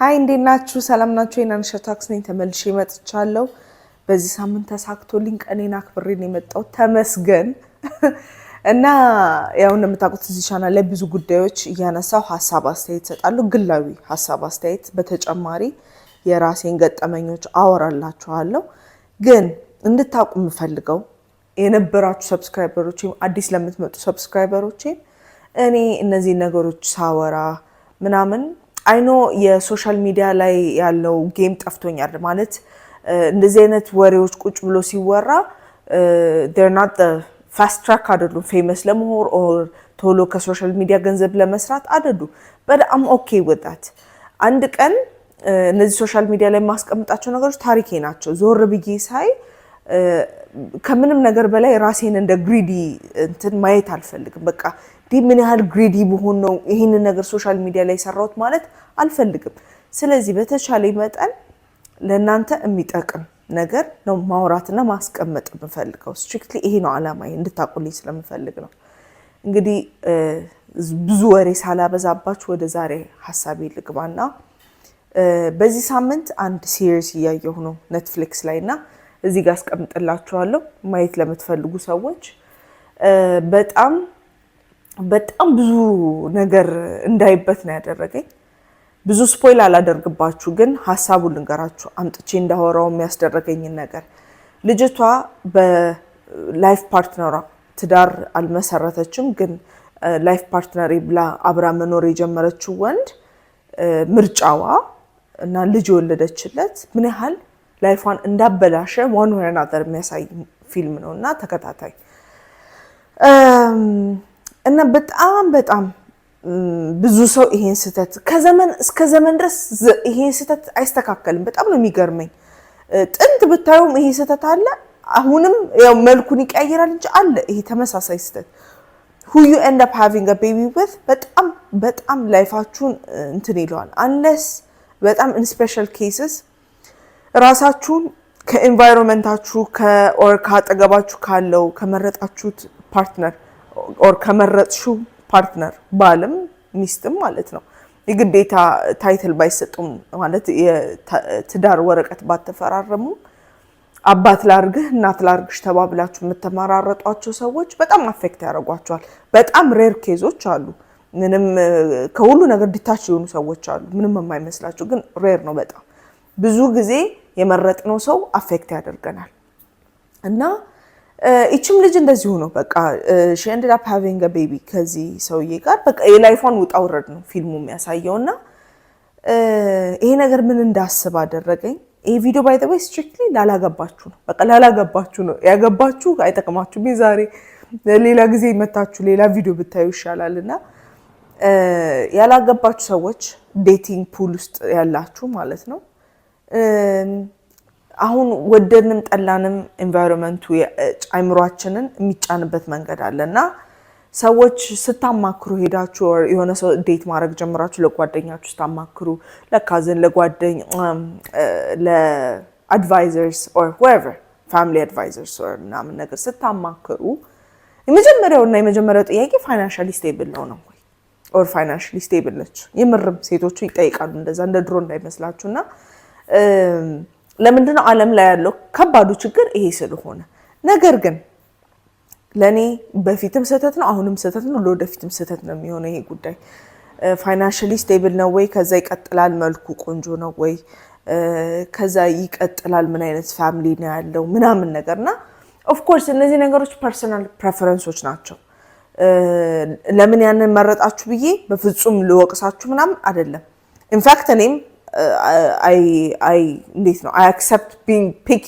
ሀይ እንዴት ናችሁ? ሰላም ናችሁ? የናንሻ ታክስ ነኝ። ተመልሼ መጥቻለሁ። በዚህ ሳምንት ተሳክቶልኝ ቀኔን አክብሬ ነው ተመስገን። እና ያው እንደምታውቁት እዚህ ቻናል ላይ ብዙ ጉዳዮች እያነሳው ሀሳብ አስተያየት እሰጣለሁ። ግላዊ ሀሳብ አስተያየት፣ በተጨማሪ የራሴን ገጠመኞች አወራላችኋለሁ። ግን እንድታውቁ የምፈልገው የነበራችሁ ሰብስክራይበሮች፣ አዲስ ለምትመጡ ሰብስክራይበሮች እኔ እነዚህ ነገሮች ሳወራ ምናምን አይኖ የሶሻል ሚዲያ ላይ ያለው ጌም ጠፍቶኛል። ማለት እንደዚህ አይነት ወሬዎች ቁጭ ብሎ ሲወራ ናት ፋስት ትራክ አይደሉም። ፌመስ ለመሆን ኦር ቶሎ ከሶሻል ሚዲያ ገንዘብ ለመስራት አይደሉም። በጣም ኦኬ ወጣት አንድ ቀን እነዚህ ሶሻል ሚዲያ ላይ የማስቀምጣቸው ነገሮች ታሪኬ ናቸው። ዞር ብዬ ሳይ ከምንም ነገር በላይ ራሴን እንደ ግሪዲ እንትን ማየት አልፈልግም። በቃ ዲ ምን ያህል ግሪዲ መሆን ነው ይህንን ነገር ሶሻል ሚዲያ ላይ ሰራሁት ማለት አልፈልግም። ስለዚህ በተቻለ መጠን ለእናንተ የሚጠቅም ነገር ነው ማውራትና ማስቀመጥ የምፈልገው። ስትሪክትሊ ይሄ ነው አላማ፣ እንድታቁልኝ ስለምፈልግ ነው። እንግዲህ ብዙ ወሬ ሳላበዛባችሁ ወደ ዛሬ ሀሳቤ ልግባና በዚህ ሳምንት አንድ ሲሪስ እያየሁ ነው ኔትፍሊክስ ላይ እና እዚህ ጋር አስቀምጥላችኋለሁ ማየት ለምትፈልጉ ሰዎች። በጣም በጣም ብዙ ነገር እንዳይበት ነው ያደረገኝ። ብዙ ስፖይል አላደርግባችሁ፣ ግን ሀሳቡን ልንገራችሁ አምጥቼ እንዳወራው የሚያስደረገኝን ነገር ልጅቷ በላይፍ ፓርትነሯ ትዳር አልመሰረተችም፣ ግን ላይፍ ፓርትነር ብላ አብራ መኖር የጀመረችው ወንድ ምርጫዋ እና ልጅ የወለደችለት ምን ያህል ላይፏን እንዳበላሸ ዋን ወር አናዘር የሚያሳይ ፊልም ነው እና ተከታታይ እና በጣም በጣም ብዙ ሰው ይሄን ስህተት ከዘመን እስከ ዘመን ድረስ ይሄን ስህተት አይስተካከልም። በጣም ነው የሚገርመኝ። ጥንት ብታዩም ይሄ ስህተት አለ። አሁንም ያው መልኩን ይቀያየራል እንጂ አለ ይሄ ተመሳሳይ ስህተት ሁዩ ኤንድ አፕ ሃቪንግ ቤቢ ዊዝ በጣም በጣም ላይፋችሁን እንትን ይለዋል። አንለስ በጣም ኢን ስፔሻል ኬስስ ራሳችሁን ከኤንቫይሮንመንታችሁ ከኦር ከአጠገባችሁ ካለው ከመረጣችሁት ፓርትነር ኦር ከመረጥሹ ፓርትነር ባልም ሚስትም ማለት ነው የግዴታ ታይትል ባይሰጡም ማለት የትዳር ወረቀት ባተፈራረሙ አባት ላርግህ እናት ላርግሽ ተባብላችሁ የምተመራረጧቸው ሰዎች በጣም አፌክት ያደርጓቸዋል። በጣም ሬር ኬዞች አሉ። ምንም ከሁሉ ነገር ዲታች የሆኑ ሰዎች አሉ፣ ምንም የማይመስላቸው ግን ሬር ነው። በጣም ብዙ ጊዜ የመረጥነው ሰው አፌክት ያደርገናል እና ይችም ልጅ እንደዚሁ ነው። በቃ ሺ ኤንድድ አፕ ሃቪንግ ቤቢ ከዚህ ሰውዬ ጋር በቃ የላይፏን ውጣ ውረድ ነው ፊልሙ የሚያሳየው እና ይሄ ነገር ምን እንዳስብ አደረገኝ። ይሄ ቪዲዮ ባይ ዘ ዌይ ስትሪክትሊ ላላገባችሁ ነው። በቃ ላላገባችሁ ነው። ያገባችሁ አይጠቅማችሁም። ዛሬ ሌላ ጊዜ መታችሁ ሌላ ቪዲዮ ብታዩ ይሻላል እና ያላገባችሁ ሰዎች ዴቲንግ ፑል ውስጥ ያላችሁ ማለት ነው አሁን ወደንም ጠላንም ኤንቫይሮንመንቱ አይምሯችንን የሚጫንበት መንገድ አለ እና ሰዎች ስታማክሩ ሄዳችሁ የሆነ ሰው ዴት ማድረግ ጀምራችሁ ለጓደኛችሁ ስታማክሩ ለካዝን ለጓደኝ ለአድቫይዘርስ ኦር ወቨር ፋሚሊ አድቫይዘርስ ኦር ምናምን ነገር ስታማክሩ የመጀመሪያውና የመጀመሪያው ጥያቄ ፋይናንሻሊ ስቴብል ነው ነው ኦር ፋይናንሻሊ ስቴብል ነች። የምርም ሴቶቹ ይጠይቃሉ እንደዛ እንደ ድሮ እንዳይመስላችሁ እና ለምንድነው ዓለም ላይ ያለው ከባዱ ችግር ይሄ ስለሆነ ነገር ግን ለእኔ በፊትም ስህተት ነው፣ አሁንም ስህተት ነው፣ ለወደፊትም ስህተት ነው የሚሆነው ይሄ ጉዳይ። ፋይናንሽሊ ስቴብል ነው ወይ? ከዛ ይቀጥላል። መልኩ ቆንጆ ነው ወይ? ከዛ ይቀጥላል። ምን አይነት ፋሚሊ ነው ያለው ምናምን ነገር እና ኦፍኮርስ እነዚህ ነገሮች ፐርሰናል ፕሬፈረንሶች ናቸው። ለምን ያንን መረጣችሁ ብዬ በፍጹም ልወቅሳችሁ ምናምን አይደለም። ኢንፋክት እኔም Uh, እንዴት ነው አይ አክሰፕት ቢንግ ፒኪ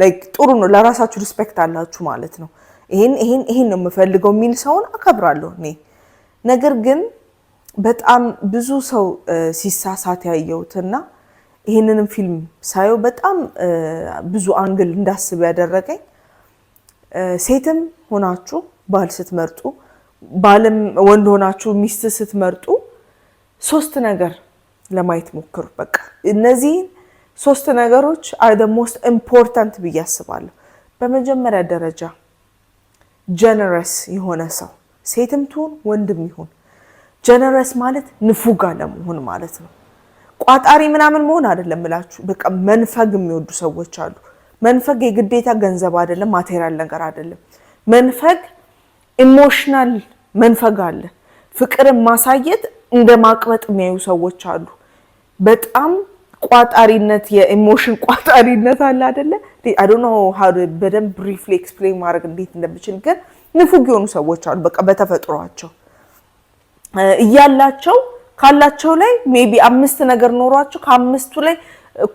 ላይክ ጥሩ ነው። ለራሳችሁ ሪስፔክት አላችሁ ማለት ነው። ይሄን ይሄን ይሄን ነው የምፈልገው የሚል ሰውን አከብራለሁ እኔ። ነገር ግን በጣም ብዙ ሰው uh, ሲሳሳት ያየሁትና ይሄንንም ፊልም ሳየው በጣም uh, ብዙ አንግል እንዳስብ ያደረገኝ ሴትም ሆናችሁ ባል ስትመርጡ፣ ባልም ወንድ ሆናችሁ ሚስት ስትመርጡ ሶስት ነገር ለማየት ሞክሩ። በቃ እነዚህን ሶስት ነገሮች አር ደ ሞስት ኢምፖርታንት ብዬ አስባለሁ። በመጀመሪያ ደረጃ ጀነረስ የሆነ ሰው ሴትም ትሁን ወንድም ይሁን፣ ጀነረስ ማለት ንፉግ አለመሆን ማለት ነው። ቋጣሪ ምናምን መሆን አይደለም ብላችሁ በቃ መንፈግ የሚወዱ ሰዎች አሉ። መንፈግ የግዴታ ገንዘብ አይደለም፣ ማቴሪያል ነገር አይደለም። መንፈግ ኢሞሽናል መንፈግ አለ። ፍቅርን ማሳየት እንደ ማቅበጥ የሚያዩ ሰዎች አሉ። በጣም ቋጣሪነት የኢሞሽን ቋጣሪነት አለ አደለ? አይዶኖ በደንብ ብሪፍሊ ኤክስፕሌን ማድረግ እንዴት እንደምችል ግን ንፉግ የሆኑ ሰዎች አሉ። በቃ በተፈጥሯቸው እያላቸው ካላቸው ላይ ሜቢ አምስት ነገር ኖሯቸው ከአምስቱ ላይ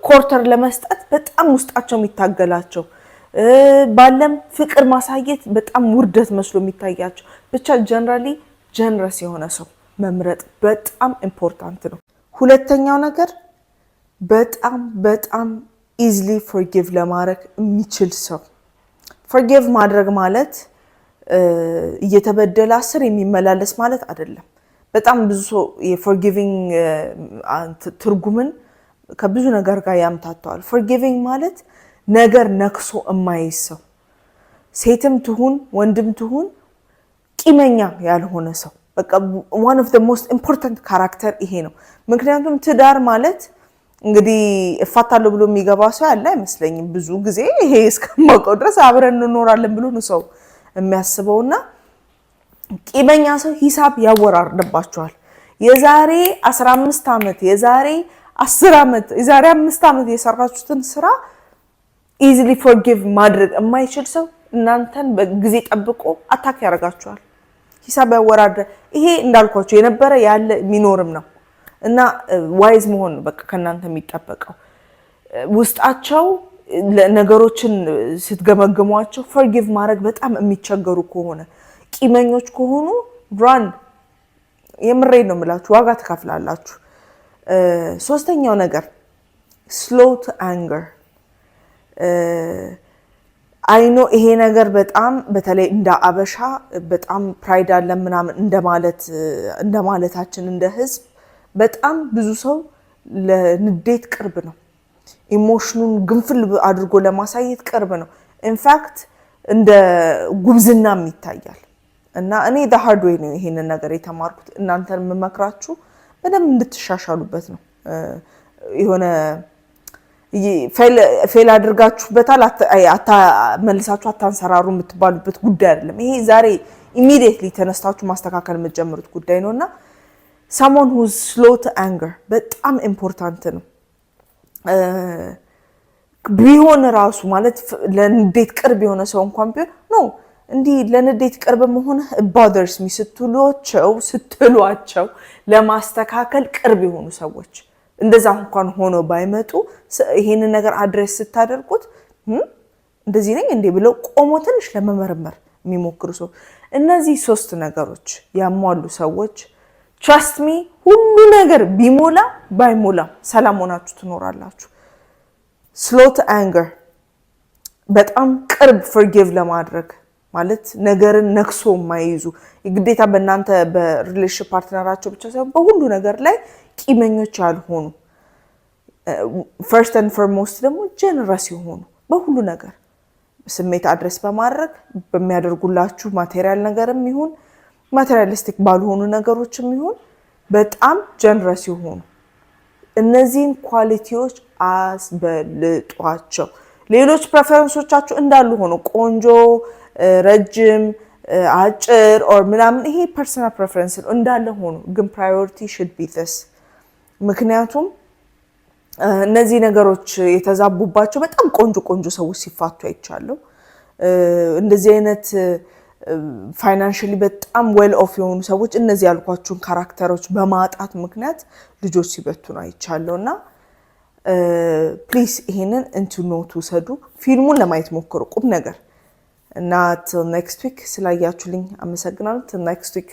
ኮርተር ለመስጠት በጣም ውስጣቸው የሚታገላቸው ባለም ፍቅር ማሳየት በጣም ውርደት መስሎ የሚታያቸው ብቻ ጀነራሊ ጀነረስ የሆነ ሰው መምረጥ በጣም ኢምፖርታንት ነው። ሁለተኛው ነገር በጣም በጣም ኢዝሊ ፎርጊቭ ለማድረግ የሚችል ሰው። ፎርጊቭ ማድረግ ማለት እየተበደለ አስር የሚመላለስ ማለት አይደለም። በጣም ብዙ ሰው የፎርጊቪንግ ትርጉምን ከብዙ ነገር ጋር ያምታተዋል። ፎርጊቪንግ ማለት ነገር ነክሶ የማይዝ ሰው፣ ሴትም ትሁን ወንድም ትሁን ቂመኛ ያልሆነ ሰው በቃ ዋን ኦፍ ሞስት ኢምፖርታንት ካራክተር ይሄ ነው። ምክንያቱም ትዳር ማለት እንግዲህ እፋታለሁ ብሎ የሚገባ ሰው ያለ አይመስለኝም። ብዙ ጊዜ ይሄ እስከማውቀው ድረስ አብረን እንኖራለን ብሎ ነው ሰው የሚያስበውና ቂበኛ ሰው ሂሳብ ያወራርድባቸዋል። የዛሬ 15 ዓመት የዛሬ 10 ዓመት የዛሬ 5 ዓመት የሰራችሁትን ስራ ኢዚሊ ፎርጊቭ ማድረግ የማይችል ሰው እናንተን በጊዜ ጠብቆ አታክ ያደርጋችኋል። ሂሳብ ያወራደ ይሄ እንዳልኳቸው የነበረ ያለ የሚኖርም ነው እና ዋይዝ መሆን በቃ ከእናንተ የሚጠበቀው። ውስጣቸው ነገሮችን ስትገመግሟቸው ፈርጊቭ ማድረግ በጣም የሚቸገሩ ከሆነ ቂመኞች ከሆኑ ራን የምሬ ነው የምላችሁ፣ ዋጋ ትከፍላላችሁ። ሶስተኛው ነገር ስሎ ቱ አንገር አይኖ ይሄ ነገር በጣም በተለይ እንደ አበሻ በጣም ፕራይድ አለ ምናምን እንደማለታችን እንደ ህዝብ በጣም ብዙ ሰው ለንዴት ቅርብ ነው። ኢሞሽኑን ግንፍል አድርጎ ለማሳየት ቅርብ ነው። ኢንፋክት እንደ ጉብዝናም ይታያል። እና እኔ ሀርድ ዌይ ነው ይሄንን ነገር የተማርኩት። እናንተን የምመክራችሁ በደንብ እንድትሻሻሉበት ነው የሆነ ፌል አድርጋችሁበታል መልሳችሁ አታንሰራሩ የምትባሉበት ጉዳይ አይደለም። ይሄ ዛሬ ኢሚዲየትሊ ተነስታችሁ ማስተካከል የምትጀምሩት ጉዳይ ነው እና ሰሞን ሁዝ ስሎ አንገር በጣም ኢምፖርታንት ነው ቢሆን ራሱ ማለት ለንዴት ቅርብ የሆነ ሰው እንኳን ቢሆን ኖ እንዲህ ለንዴት ቅርብ መሆን ባደርስ ሚ ስትሏቸው ስትሏቸው ለማስተካከል ቅርብ የሆኑ ሰዎች እንደዛ እንኳን ሆኖ ባይመጡ ይሄንን ነገር አድሬስ ስታደርጉት እንደዚህ ነኝ እንዴ ብለው ቆሞ ትንሽ ለመመርመር የሚሞክሩ ሰው እነዚህ ሶስት ነገሮች ያሟሉ ሰዎች ትራስት ሚ ሁሉ ነገር ቢሞላ ባይሞላ ሰላም ሆናችሁ ትኖራላችሁ። ስሎት አንገር በጣም ቅርብ ፍርጊቭ ለማድረግ ማለት ነገርን ነክሶ የማይይዙ ግዴታ በእናንተ በሪሌሽን ፓርትነራቸው ብቻ ሳይሆን በሁሉ ነገር ላይ ቂመኞች ያልሆኑ ፈርስት ን ፎርሞስት ደግሞ ጀነረስ የሆኑ በሁሉ ነገር ስሜት አድረስ በማድረግ በሚያደርጉላችሁ ማቴሪያል ነገርም ይሁን ማቴሪያሊስቲክ ባልሆኑ ነገሮችም ይሁን በጣም ጀነረስ የሆኑ እነዚህን ኳሊቲዎች አስበልጧቸው። ሌሎች ፕሬፈረንሶቻችሁ እንዳሉ ሆኖ ቆንጆ ረጅም አጭር ኦር ምናምን ይሄ ፐርሰናል ፕሬፈረንስ እንዳለ ሆኖ ግን ፕራዮሪቲ ሽድ ቢ ዚስ። ምክንያቱም እነዚህ ነገሮች የተዛቡባቸው በጣም ቆንጆ ቆንጆ ሰዎች ሲፋቱ አይቻለሁ። እንደዚህ አይነት ፋይናንሽሊ በጣም ዌል ኦፍ የሆኑ ሰዎች እነዚህ ያልኳቸውን ካራክተሮች በማጣት ምክንያት ልጆች ሲበቱን አይቻለሁ እና ፕሊስ ይሄንን እንትን ውሰዱ። ፊልሙን ለማየት ሞክሩ ቁም ነገር እና ትል ኔክስት ዊክ ስላያችሁልኝ አመሰግናለሁ። ትል ኔክስት ዊክ